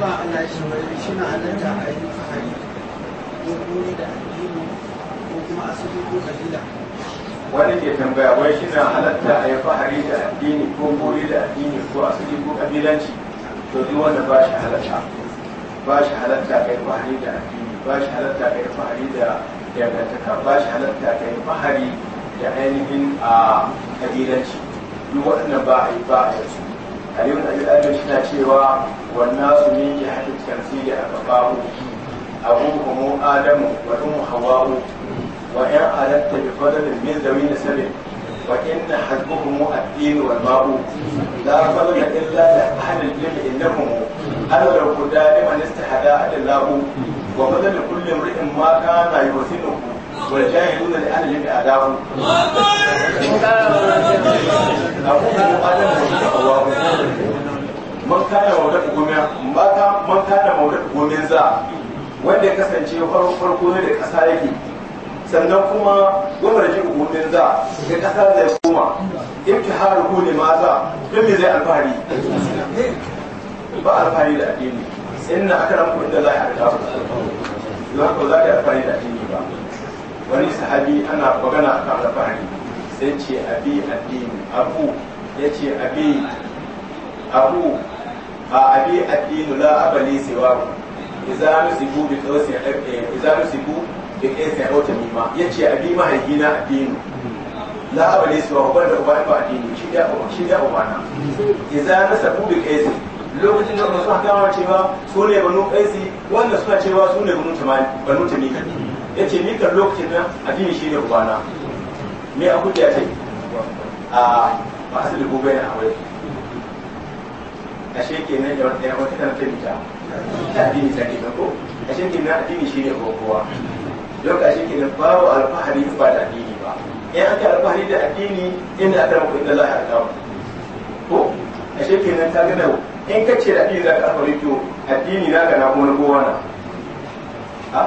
ba Allah shi wani shi na halatta a yi fahari ko kuma da addini ko kuma asali ko kabila wani ke tambaya wai shi na halatta a yi fahari da addini ko gori da addini ko asali ko kabilanci to duk wanda ba shi halatta ba shi halatta ka yi fahari da addini ba shi halatta ka yi fahari da dangantaka ba shi halatta ka yi fahari da ainihin a ah, kabilanci duk waɗannan ba a yi ba a yi su alimin al'adar shi na cewa wannan su ne ke haɗin tamsiri a gabahu adamu hawa'u wa ‘yan alatta bi fadalin min zawi na sabi wa inna wal ma'u la illa wa ma kana ويجاهدون لأهلهم بأعداهم أقول آدم الله من كان مولد قومين من كان مولد قومين ذا wanda ya kasance farko ne da ƙasa yake sannan kuma gwamnati ji hukumin za da ƙasa zai koma ibtihar ne ma za don me zai alfahari ba alfahari da addini inna akramkum inda za a harka ku za ka alfahari da addini ba wani sahabi ana magana a kan alfahari sai ce abi addini abu ya ce abi abu a abi addini la abali siwa idza nusibu bi qawsi eh, eh, idza nusibu bi qawsi eh, aw tamima ya ce abi mahaifina addini la abali siwa ban da uba ba addini shi da shi da ubana idza nusabu bi qawsi lokacin da suka kawo cewa su ne banu qaisi wanda suka cewa su ne banu tamani banu tamika ya ce ni kan lokacin nan addini shi ne ubana me a da ta yi a masu da gobe na aure ashe ke nan da wata yawon tana ta mita ta addini ta ke ko ashe ke nan addini shi ne kowa yau ka ashe ke nan babu alfahari ba da addini ba in aka alfahari da addini inda a tarko inda za a kawo ko ashe ke nan ta gana in ka ce da addini za ka alfahari to addini za ka na kuma kowa na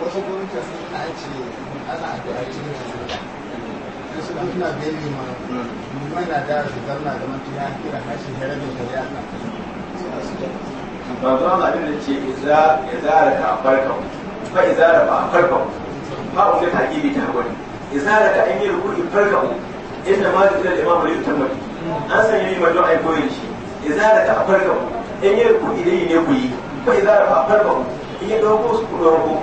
wasu gurin ta tafsir na ce ana addu'a cikin tafsir sai su kuma bai ne ma mana da su zarna da mutum ya kira hashi herabin da ya ka ba zuwa ma abin da ya zara ka farka ba ya zara ba farka ba ba wani hakimi ta gwani ya zara ka in yi rukuni farka inda ma zai da imamu ne ta mutu an sanya yi majon ai koyin shi ya zara ka farka in yi rukuni da yi ne ku yi ba ya zara ba farka in ya ɗauko su ku ɗauko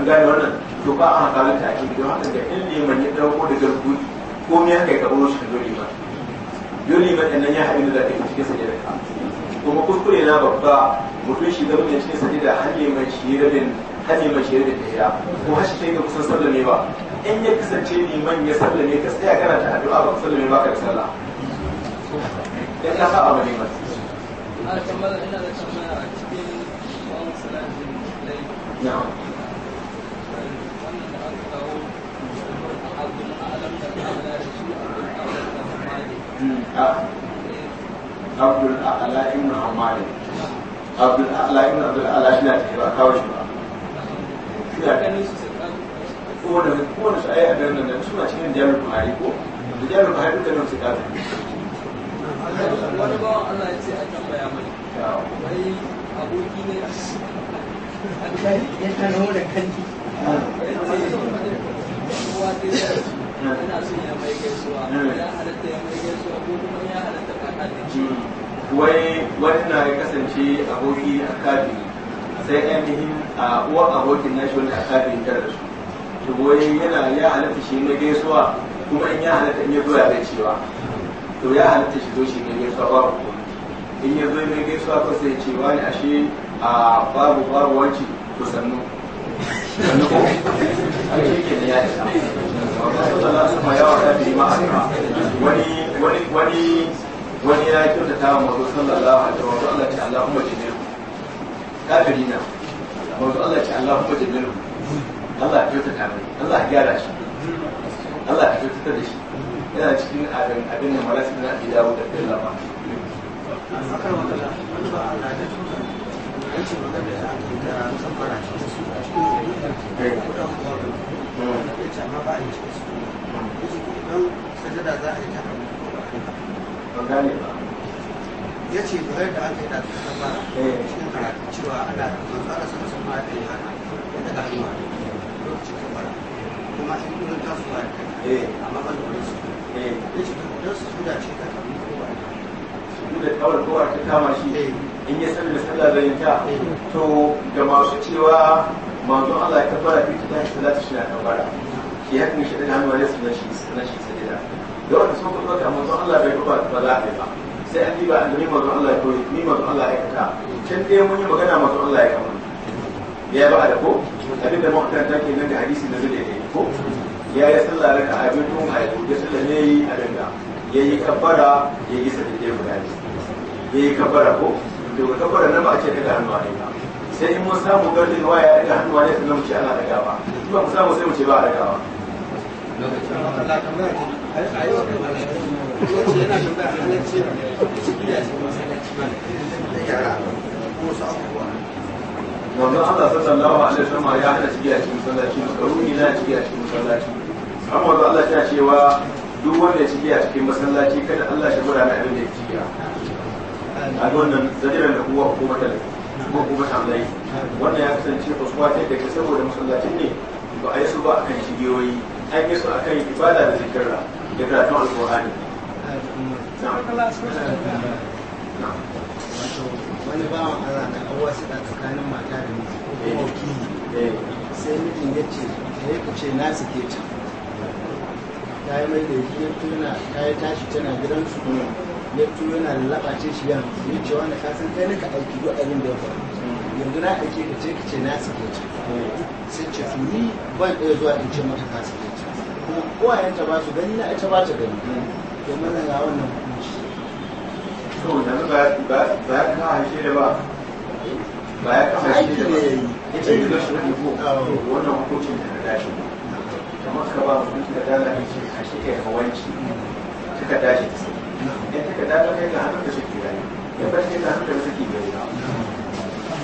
an gane wannan to ba a hakalin ta ake gidan haka da in liman ya dauko da garkuwa ko me haka ka baro shi da dole ba dole ba dan ya haɗu da take cikin sajada ka kuma kuskure na babba mutum shi zama ne cikin sajada har liman shi rabin har liman shi rabin ya ko har shi ka kusan sallame ba in ya kasance liman ya sallame ka tsaya kana ta addu'a ba ka sallame ba ka da sallah dan ka saba ba liman a tambayar ina da tambaya a cikin wani da dai na'am abdul ala ibn hamad abdul ala ibn abdul ala shi na ba kawo shi ba shi da ganin su ko da ko da sai a garin nan suna cikin jami'ar buhari ko da jami'ar buhari da nan su ka ta wani ba Allah ya ce a tambaya mani wai aboki ne a ya tano da kanki ana son ya mai gaisuwa ya eh. halatta ya mai gaisuwa ko kuma ya halatta ba kaɗin hmm. wai wani na ya kasance aboki a kabi sai ainihin a uwa abokin na shi wani a kabi tare da su to wai yana ya halatta shi na gaisuwa kuma in ya halatta in ya zo ya zai cewa to ya halatta shi zo shi ne gaisuwa babu in ya zo ne gaisuwa ko sai cewa ne ashe a babu babu wanci to sannu sannu ko a cikin ya isa wani wani ya sallallahu alaihi wa sallam Allah kafiri na Allah Allah Allah gyara shi Allah da shi yana cikin abin abin da dawo da bin lama ce ba a yi cikin su yace to idan sajada za a yi ta ba gane ba ya ce da da aka yi da ta saba eh. cikin karatu cewa ana manzo ana sama sama da yi haka ya daga hannuwa lokacin kamara kuma in kuma ta su ba da eh. amma ban da wani su eh. ya ce to idan su juda ce ta kamar kowa su juda kawar kowa ta kama shi in ya sani da sallah zai ta to ga masu cewa manzon Allah ya kafara fi ta salatu shi na kafara ki hakan shi da hannu wani sunan shi sunan shi sai da da wanda sun kuma Allah bai ba ba za a ba sai an diba annabi manzo Allah ko ni manzo Allah ya kaka can dai mun yi magana manzo Allah ya kama ya ba da ko abinda mu'tanta ke nan da hadisi na zai da ko ya yi sallah raka a biyu tun haihu da sallah ne yi a danga ya yi kabbara ya yi sadade guda ya yi kabbara ko da wata kabbara nan ba a ce daga hannu a danga sai in mu samu gardin waya daga hannuwa ne sannan mu ce ana dagawa ba mu samu sai mu ba a dagawa wannan Allah ya hada ciki a cikin masallaci makaruni Allah ya cewa duk wanda ya ciki masallaci kada Allah shi gura na abin da ya ciki da wannan ya kasance kuskwa ta da saboda masallacin ne ba a yi su ba akan shigiyoyi an yi su akan ibada da zikirra da karatun alkur'ani wani bawan Allah na awa suka tsakanin mata da miji ko kuma wakili sai mijin ya ce ta yi kuce na suke can ta yi mai da ya tuna ta yi tashi tana gidansu ya tuna yana lalace shi yan ya ce wani kasan kai nika aiki duk abin da ya faru yanzu na ɗauke ka ce ka ce na sake ce sai ce to ni ban ɗaya zuwa in ce mata ka sake ce kuma kowayenta ba su gani na ita ba ta gani domin na ga wannan hukunci. saboda ba ba ya kama shi da ba ba ya kama shi da ba ita yi rashin rubu wannan hukuncin da na dashi kamar ka ba mutum da dala ne ce a shi kai hawanci suka dace ta sai idan ta ka dala kai ga hannun da suke rayu ya bar kai ga hannun da suke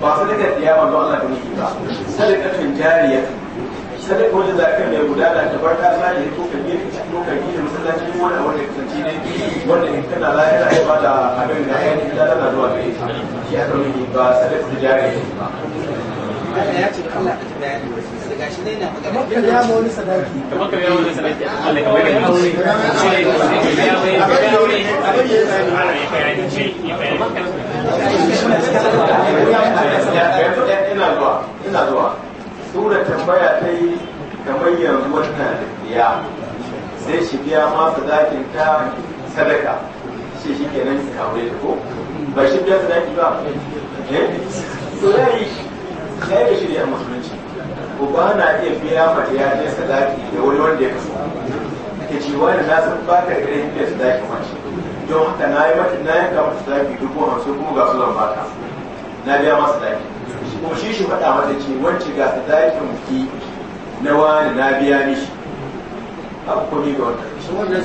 ba sadaka da yawa don Allah ne ba sadaka tun jariya sadaka wanda da ka mai gudana da ta za ka yi ko ka yi ka ko ka yi da wanda wanda ka tsanci ne wanda in kana la yana ba da abin da ya yi da na zuwa ga ya kawo ni ba sadaka da jariya ya ce Allah ka tabbata da shi ne na magana ya ma wani sadaki kamar ya ma wani sadaki Allah ka bayyana ina zuwa ina zuwa sura tambaya ta yi kamar yanzu wannan ya sai shi biya masu zakin ta sadaka shi shi kenan su kawo da ko ba shi biya zaki ba eh so ya yi ya yi shirya musulunci ko ba na iya biya ma ya ne sadaki da wani wanda ya kaso ke cewa da na san ba ka gare biya zaki wancan don haka na yi mata na yanka mata tafi dubu hamsin kuma ga su zan na biya masa tafi kuma shi shi faɗa mata ce wacce ga sadakin ki na wani na biya mishi abu ko ni ga wannan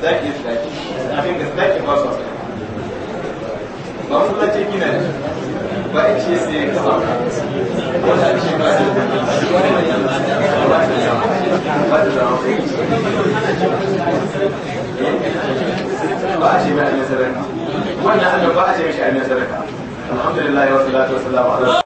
da da abin da take ba su ba mu da cikin ne ba a ce sai ka ba wanda ce ba da ba a ce mai annabi sarrafa wannan annabi ba a ce mishi annabi sarrafa alhamdulillah wa salatu wa salam